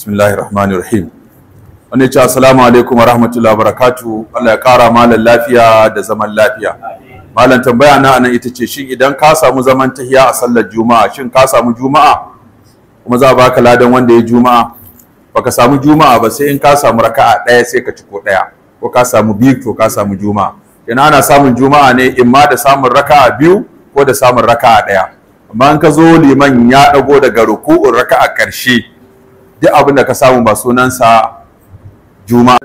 bismillahir rahmanir rahim wani ce assalamu alaikum wa rahmatullahi wa barakatuh Allah ya kara malan lafiya da zaman lafiya malan tambaya na anan ita ce shin idan ka samu zaman tahiya a sallar juma'a shin ka samu juma'a kuma za a baka ladan wanda ya juma'a baka samu juma'a ba sai in ka samu raka'a ɗaya sai ka ci ko ɗaya ko ka samu biyu to ka samu juma'a kenan ana samun juma'a ne in ma da samun raka'a biyu ko da samun raka'a ɗaya amma in ka zo liman ya ɗago daga ruku'un raka'a karshe duk abin da ka samu ba sunansa juma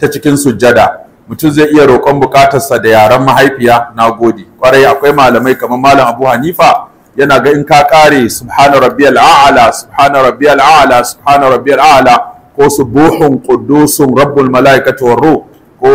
ta cikin sujjada mutum zai iya roƙon buƙatarsa da yaren mahaifiya na gode ƙwarai akwai malamai kamar malam abu hanifa yana ga in ka ƙare subhana rabbiyal a'la subhana rabbiyal a'la subhana rabbiyal a'la ko subuhun qudusun rabbul malaikati war ruh ko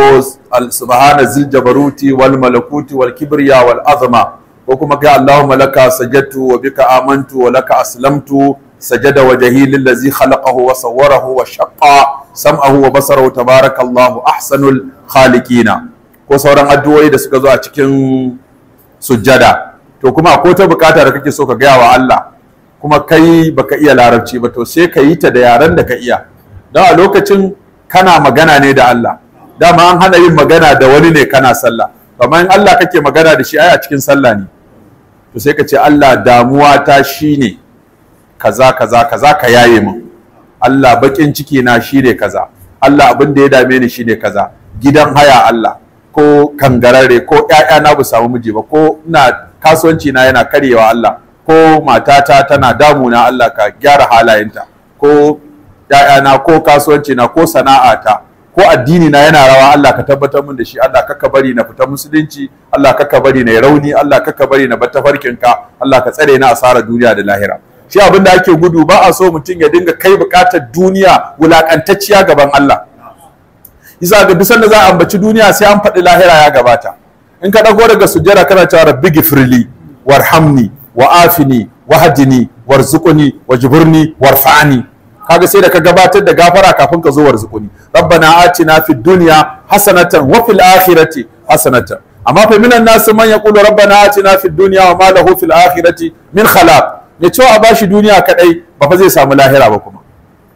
subhana zil jabaruti wal malakuti wal kibriya wal azama ko kuma kai allahumma laka sajadtu wa bika amantu wa laka aslamtu sajada wajhi lillazi khalaqahu wa sawwarahu wa shaqqa sam'ahu wa basarahu tabarakallahu ahsanul khaliqina ko sauran addu'o'i da suka zo a cikin sujjada to kuma ko ta bukata da kake so ka gaya wa Allah kuma kai baka iya larabci ba to sai ka yi ta da yaren da ka iya don a lokacin kana magana ne da Allah dama an hana yin magana da wani ne kana sallah kamar in Allah kake magana da shi ai a cikin sallah ne to sai ka ce Allah damuwa ta shine kaza kaza kaza ka yaye min Allah bakin ciki na shine kaza Allah abin da ya dame ni shine kaza gidan haya Allah ko kangarare ko ƴaƴa na bu samu miji ba ko ina kasuwanci na yana karyewa Allah ko matata tana damuna Allah ka gyara halayenta ko ‘ya'yana ko kasuwanci na ko sana'ata ko addini na yana rawa Allah ka tabbatar min da shi Allah kaka bari na fita musulunci Allah kaka bari na rauni Allah kaka bari na bata farkinka Allah ka tsare na asarar duniya da lahira shi abin da ake gudu ba a so mutum ya dinga kai bukatar duniya wulaƙantacciya gaban Allah isa ga bisan da za a ambaci duniya sai an faɗi lahira ya gabata in ka ɗago daga sujjada kana cewa rabbi gifrili warhamni wa afini wa hadini warzuqni wajburni warfa'ni kaga sai da ka gabatar da gafara kafin ka zo warzuqni rabbana atina fid dunya hasanatan wa fil akhirati hasanatan amma fa minan nasu man yaqulu rabbana atina fid dunya wa ma lahu fil akhirati min khalaq da cewa a bashi duniya kadai ba fa zai samu lahira ba kuma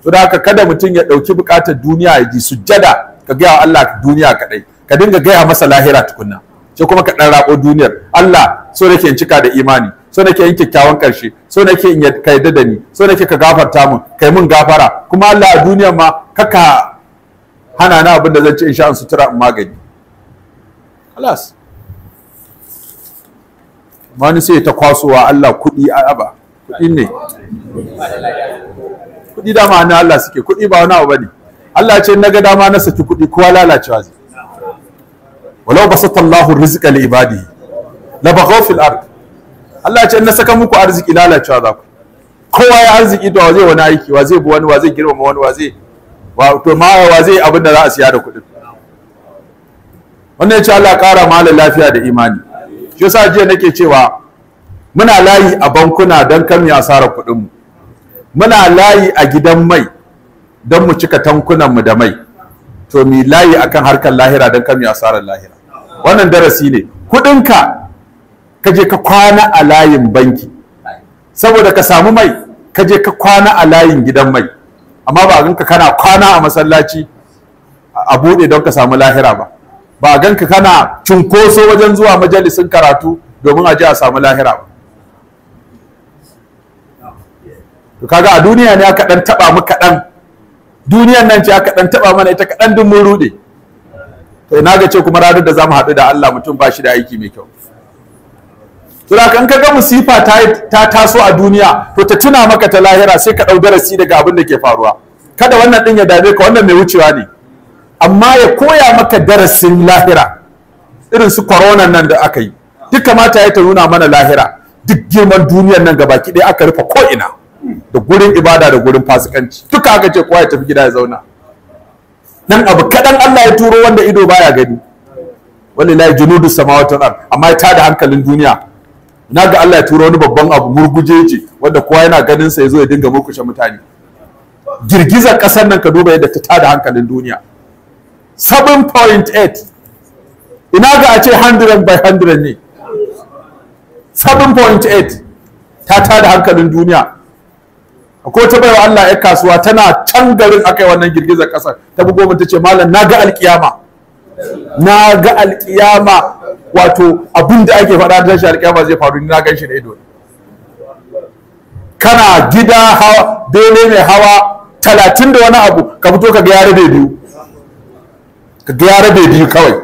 to da haka kada mutum ya dauki bukatar duniya ya ji sujjada ka gaya Allah duniya kadai ka dinga gaya masa lahira tukunna sai kuma ka dan rako duniyar Allah so nake in cika da imani so nake in kyakkyawan karshe so nake in ka da ni so nake ka gafarta mun kai mun gafara kuma Allah a duniyar ma kaka hana na abin da zan ci insha Allah sutura in magani خلاص Mani sai ta kwasowa Allah kuɗi a aba kuɗi ne kuɗi dama na Allah suke kuɗi ba wani abu bane Allah ce na ga dama na saki kuɗi kowa lalacewa zai walau basata Allahu rizqa li ibadihi la baghaw fil ard Allah ce na saka muku arziki lalacewa za ku kowa ya arziki to wa zai wani aiki wa zai bu wani wa zai girmama wani wa zai to ma wa zai abin da za a siya da kuɗi? wannan ya ce Allah ƙara malam lafiya da imani shi yasa jiya nake cewa muna layi a bankuna don kan ya asara kuɗinmu muna layi a gidan mai don mu cika tankunanmu da mai to mi layi akan harkar lahira don kan ya asarar lahira wannan darasi ne kuɗinka ka je ka kwana a layin banki saboda ka samu mai ka je ka kwana a layin gidan mai amma ba a ganka kana kwana a masallaci a buɗe don ka samu lahira ba ba a ganka kana cunkoso wajen zuwa majalisin karatu domin a je a samu lahira ba to kaga a duniya ne aka dan taba mu kadan duniyan nan ce aka dan taba mana ita kadan din mun rude to ina ga ce kuma ranar da zamu haɗu da Allah mutum ba shi da aiki mai kyau to da kan kaga musifa ta ta taso a duniya to ta tuna maka ta lahira sai ka dau darasi daga abin da ke faruwa kada wannan din ya dame ka wannan mai wucewa ne amma ya koya maka darasin lahira irin su corona nan da aka yi duk kamata ya ta nuna mana lahira duk girman duniyar nan gabaki ɗaya aka rufe ko ina da gurin ibada da gurin fasikanci duk aka ce kowa ya tafi gida ya zauna nan abu kaɗan Allah ya turo wanda ido baya gani wallahi junudu samawati wal amma ya tada hankalin duniya naga ga Allah ya turo wani babban abu murguje ce wanda kowa yana ganin sa yazo ya dinga murkushe mutane girgizar ƙasar nan ka duba yadda ta tada hankalin duniya 7.8 ina ga a ce 100 by 100 ne 7.8 ta tada hankalin duniya akwai wata baiwa Allah ya kasuwa tana can garin akai wannan girgizar kasar ta bugo mun tace malam na ga alƙiyama. na ga alƙiyama. wato abin da ake faɗa da shi alƙiyama zai faru ni na gan shi da ido kana gida hawa bene mai hawa talatin da wani abu ka fito ka ga yare bai biyu ka ga yare bai biyu kawai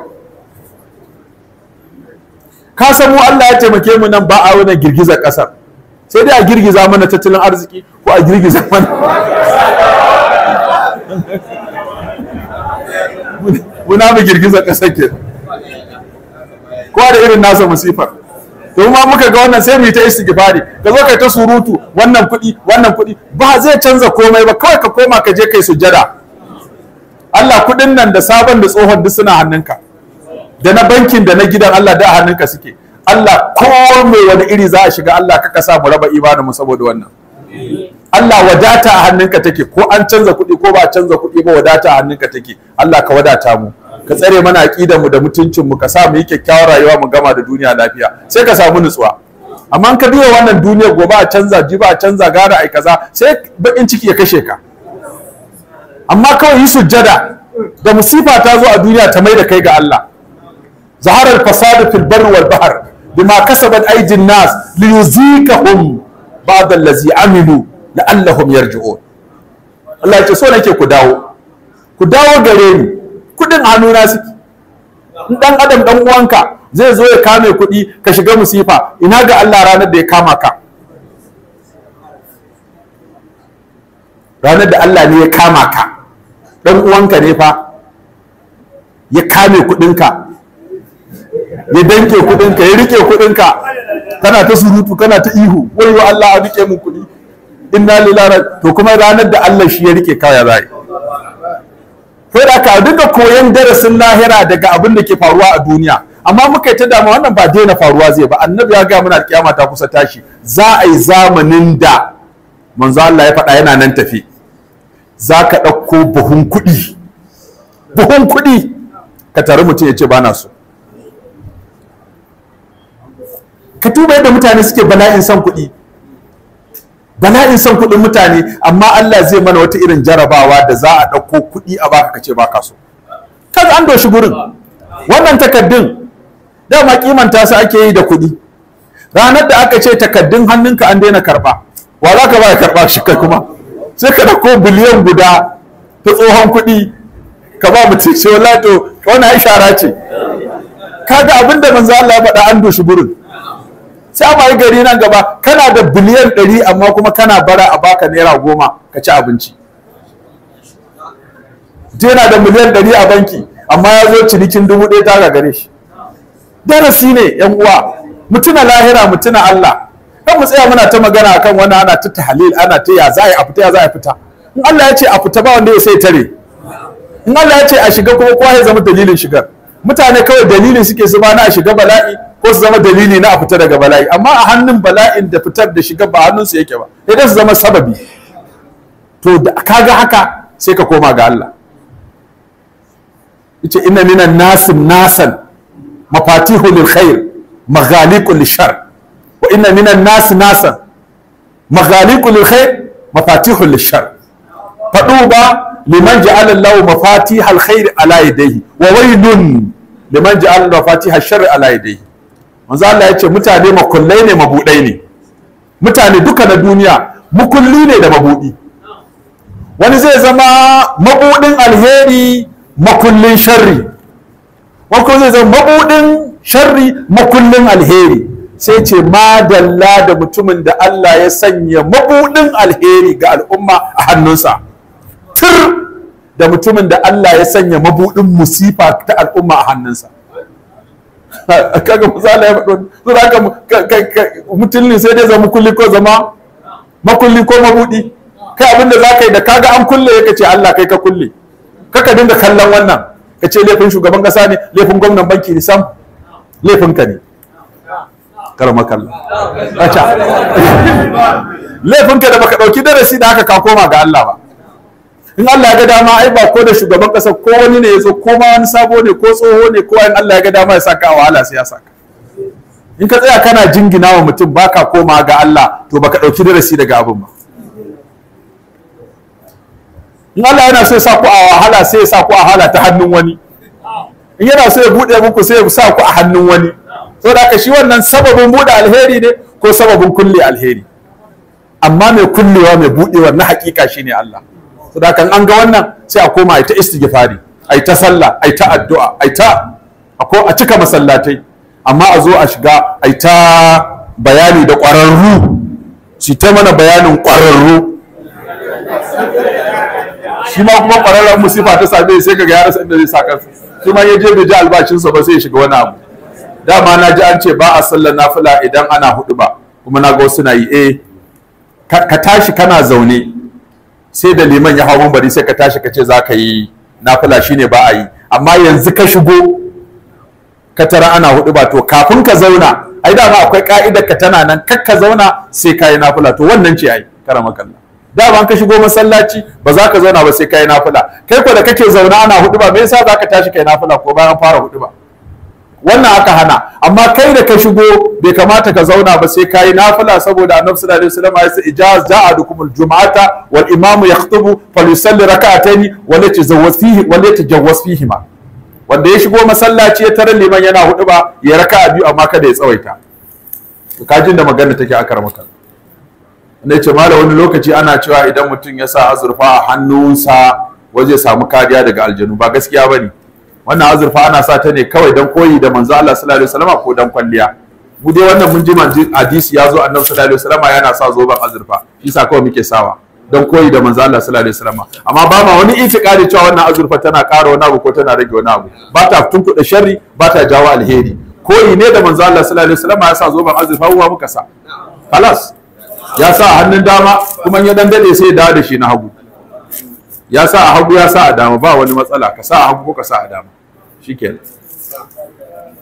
ka san mu Allah ya taimake mu nan ba a wannan girgizar kasar sai dai a girgiza mana tattalin arziki ko a girgiza mana muna mu girgiza ƙasar ke ko da irin nasa musifar to ma muka ga wannan sai mu yi ta istighfari ka zo kai ta surutu wannan kuɗi wannan kuɗi ba zai canza komai ba kawai ka koma ka je kai sujada Allah kuɗin nan da sabon da tsohon duk suna hannunka da na bankin da na gidan Allah da hannunka suke Allah ko mai wani iri za a shiga Allah ka kasa mu raba imanin mu saboda wannan Allah wadata a hannunka take ko an canza kuɗi ko ba canza kuɗi ba wadata a hannunka take Allah ka wadata mu ka tsare mana aqidar mu da mutuncin mu ka sa mu yi kyakkyawar rayuwa mu gama da duniya lafiya sai ka samu nutsuwa amma ka duba wannan duniyar gobe a canza ji ba a canza gara ai kaza sai bakin ciki ya kashe ka amma kawai yi sujjada da musifa ta zo a duniya ta mai da kai ga Allah zaharar fasadu fil barri wal bahr bima kasabat aydin nas liyuzikahum ba'd allazi amilu la'allahum yarji'un Allah ya ce so nake ku dawo ku dawo gare ni kudin hannuna suke in dan adam dan uwanka zai zo ya kame kuɗi ka shiga musifa ina ga Allah ranar da ya kama ka ranar da Allah ne ya kama ka dan uwanka ne fa ya kame kuɗinka ya danke kuɗinka ya rike kuɗinka kana ta surutu kana ta ihu wai wa Allah a rike mun kuɗi inna lillahi to kuma ranar da Allah shi ya rike kaya zai sai da ka duka koyon darasin lahira daga abin da ke faruwa a duniya amma muka yi ta dama wannan ba daina faruwa zai ba annabi ya ga muna kiyama ta kusa tashi za a yi zamanin da manzo Allah ya faɗa yana nan tafi za ka ɗauko buhun kuɗi buhun kuɗi ka tare mutum ya ce ba na so ka tuba yadda mutane suke bala'in son kuɗi bala'in son kuɗin mutane amma Allah zai mana wata irin jarabawa da za a ɗauko kuɗi a baka kace baka so kaga an doshi gurin wannan takaddun dama kimanta su ake yi da kuɗi ranar da aka ce takaddun hannunka an daina karɓa wa za ka ba ya karɓa shi kai kuma sai ka ɗauko biliyan guda ta tsohon kuɗi ka ba mutum ce wala to wani ishara ce kaga abinda manzo Allah ya faɗa an doshi gurin sai a gari nan gaba kana da biliyan ɗari amma kuma kana bara a baka naira goma ka ci abinci yana da miliyan ɗari a banki amma ya zo cinikin dubu ɗaya ta gare shi darasi ne yan uwa mutuna lahira mutuna Allah kan mu tsaya muna ta magana akan wani ana ta tahlil ana ta ya za a a fita ya za a fita in Allah ya ce a fita ba wanda ya sai tare in Allah ya ce a shiga kuma kowa ya zama dalilin shigar mutane kawai dalilin suke su ba na a shiga bala'i ko su zama dalili na a fita daga bala'i amma a hannun bala'in da fitar da shiga ba hannunsu yake ba sai su zama sababi to da kaga haka sai ka koma ga Allah yace inna minan nasi nasan mafatihu lil khair maghaliqu lil shar wa inna minan nas nasan maghaliqu lil khair mafatihu lil shar faduba liman ja'ala Allahu mafatihal khair ala yadihi wa waylun liman ja'ala mafatihal shar ala yadihi manzo Allah ya ce mutane makullai ne mabudai ne mutane duka na duniya mukulli ne da mabudi wani zai zama mabudin alheri makullin sharri wani zai zama mabudin sharri makullin alheri sai ce madalla da mutumin da Allah ya sanya mabudin alheri ga al'umma a hannunsa Tur da mutumin da Allah ya sanya mabudin musifa ta al'umma a hannunsa kaga misali ya faɗo so da haka mutum sai dai zama kulli ko zama makulli ko mabudi kai abin da ka yi da kaga an kulle ya ce Allah kai ka kulle kaka dinga kallon wannan ka ce laifin shugaban kasa ne laifin gwamnan banki ne sam laifin ka ne karama kallon laifin ka da baka dauki darasi da haka ka koma ga Allah ba in Allah ya ga dama ai ba ko da shugaban kasa ko wani ne ya zo ko ma wani sabo ne ko tsoho ne ko in Allah ya ga dama ya saka wahala sai ya saka in ka tsaya kana jingina wa mutum baka koma ga Allah to baka ɗauki darasi daga abin ba in Allah yana so ya sa ku a wahala sai ya sa ku a wahala ta hannun wani in yana so ya buɗe muku sai ya sa ku a hannun wani da ka shi wannan sababin buɗe alheri ne ko sababin kulle alheri amma mai kullewa mai buɗewa na hakika shine Allah da kan an ga wannan sai a koma a ta istighfari a ta sallah a ta addu'a a ta a cika masallatai amma a zo a shiga a ta bayani da ƙwararru shi ta mana bayanin ƙwararru shi ma kuma ƙwararren musifa ta same sai kaga ya rasa inda zai sa kansa shi ma ya je bai ji albashinsa ba sai ya shiga wani abu dama na ji an ce ba a sallar nafila idan ana hudu ba kuma na ga wasu na yi eh ka tashi kana zaune sai da liman ya hau bari sai ka tashi ka ce za ka yi nafila shine ba a yi amma yanzu ka shigo ka tara ana hudu ba to kafin ka zauna ai dama akwai ka'idar ka tana nan kar ka zauna sai ka yi nafila to wannan ce ai karama Da dama ka shigo masallaci ba za ka zauna ba sai ka yi nafila kai ko da kake zauna ana hudu ba me yasa za ka tashi ka yi nafila ko bayan fara hudu ba wannan aka hana amma kai da ka shigo bai kamata ka zauna ba sai kai nafila saboda annabi sallallahu alaihi wasallam ya sa ijaz dukumul jumu'ata wal imamu yakhutubu falyusalli rak'atayn wa la tazawwaz wa la tajawwaz wanda ya shigo masallaci ya tarar liman yana hudu ba ya raka'a biyu amma kada ya tsawaita kajin da magana take a ramaka ne ce mala wani lokaci ana cewa idan mutum ya sa azurfa a hannunsa waje samu kariya daga aljanu ba gaskiya bane wannan azurfa ana sa ta ne kawai don koyi da manzo Allah sallallahu alaihi wasallam ko don kwalliya mu dai wannan mun ji manji hadisi ya zo annabi sallallahu alaihi wasallam yana sa zoben azurfa shi sa kawai muke sawa don koyi da manzo Allah sallallahu alaihi wasallam amma ba ma wani itikadi cewa wannan azurfa tana ƙara wani abu ko tana rage wani abu ba ta tunkuɗe sharri ba ta jawo alheri koyi ne da manzo Allah sallallahu alaihi wasallam ya sa zoben azurfa huwa muka sa Kalas ya sa hannun dama kuma ya dan dade sai ya dawo da shi na hagu ya sa a hagu ya sa a dama ba wani matsala ka sa a hagu ko ka sa a dama shikenan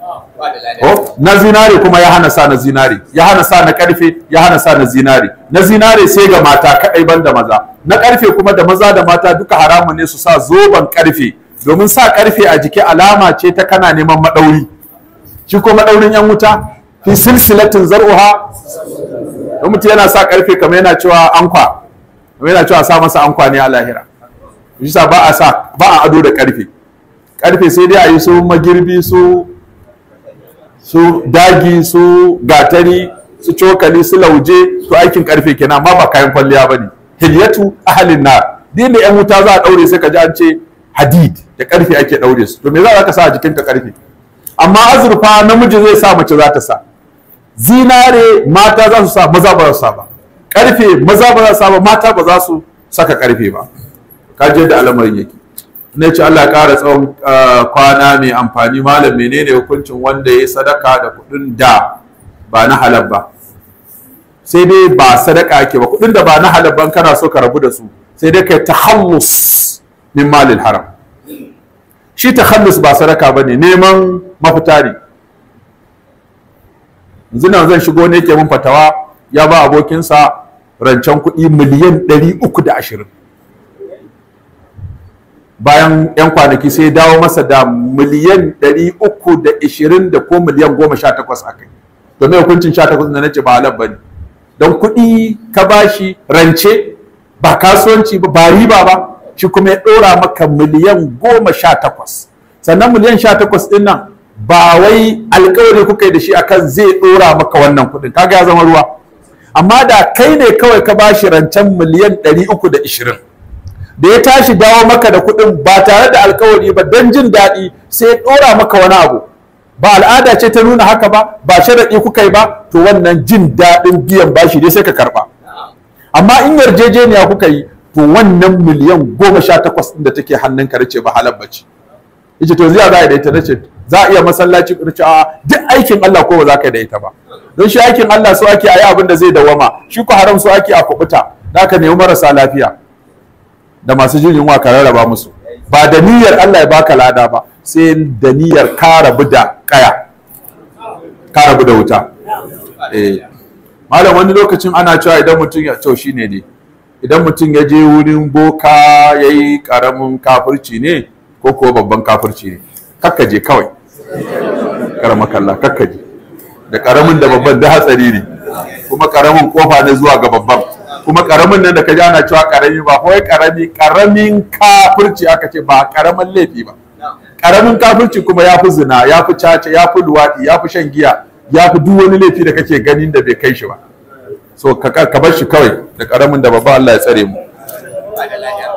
Oh, na zinare kuma ya hana sa na zinare ya hana sa na karfe ya hana sa na zinare na zinare sai ga mata kadai banda maza na karfe kuma da maza da mata duka haramun ne su sa zoban karfe domin sa karfe a jiki alama ce ta kana neman madauri shi ko madaurin yan wuta fi silsilatin zar'uha don mutum yana sa karfe kamar yana cewa ankwa kamar yana cewa sa masa ankwa ne a lahira shi sa ba a sa ba a ado da karfe karfe sai dai a yi su magirbi su su dagi su gatari su cokali su lauje su aikin karfe kenan amma ba kayan kwalliya ba ne hilyatu ahalin na din da yan wuta za a daure sai ka ji an ce hadid da karfe ake ɗaure su to me za ka sa a jikinka karfe amma azurfa namiji zai sa mace za ta sa zinare mata za su sa maza ba za su sa ba karfe maza ba za su sa ba mata ba za su saka karfe ba Ka kaje da al'amarin yake na ce Allah ƙara tsawon ah, kwana mai amfani malam menene hukuncin wanda ya sadaka da kuɗin da ba na halal ba sai dai ba sadaka ake ba kuɗin da ba na halal ban kana so ka rabu da su sai dai kai tahallus min malil haram shi tahallus ba sadaka ba ne neman mafita ne yanzu zan shigo ne ke mun fatawa ya ba abokinsa rancen kuɗi miliyan ɗari uku da ashirin bayan 'yan kwanaki sai dawo masa da miliyan 320 da ko miliyan 18 a kai to hukuncin 18 na nace ba halal bane don kuɗi ka bashi rance ba kasuwanci ba riba ba shi kuma ya ɗora maka miliyan 18 sannan miliyan 18 ɗin nan ba wai alkawari kuka yi da shi akan zai ɗora maka wannan kuɗin kaga ya zama ruwa amma da kai ne kawai ka bashi rancen miliyan 320 da ya tashi dawo maka da kuɗin ba tare da alkawari ba don jin daɗi sai ya ɗora maka wani abu ba al'ada ce ta nuna haka ba ba sharaɗi kuka yi ba to wannan jin daɗin biyan bashi ne sai ka karɓa amma in yarjejeniya kuka yi to wannan miliyan goma sha takwas ɗin da take hannun ka ce ba halar bace yace to ziya za a daita nace za a iya masallaci ku a duk aikin Allah ko ba za ka daita ba don shi aikin Allah so ake a yi abin da zai dawama shi ko haram so ake a kubuta da ka nemi marasa lafiya da masu jin yunwa ka rarraba musu ba da niyyar Allah ya baka lada ba sai da niyyar ka rabu da kaya ka rabu da wuta eh malam wani lokacin ana cewa idan mutum ya to shine ne idan mutum ya je wurin boka yayi karamin kafirci ne ko ko babban kafirci ne kakka je kawai karama kalla kakka je da karamin da babban da hatsari ne kuma karamin kofa ne zuwa ga babban kuma karamin nan da ka na cewa karami ba kawai karami karamin kafirci aka ce ba karamin laifi ba karamin kafirci kuma ya fi zina ya fi caca ya fi luwaɗi ya fi shan giya ya fi duk wani laifi da kake ganin da bai kai shi ba so ka bar shi kawai da karamin da babba Allah ya tsare mu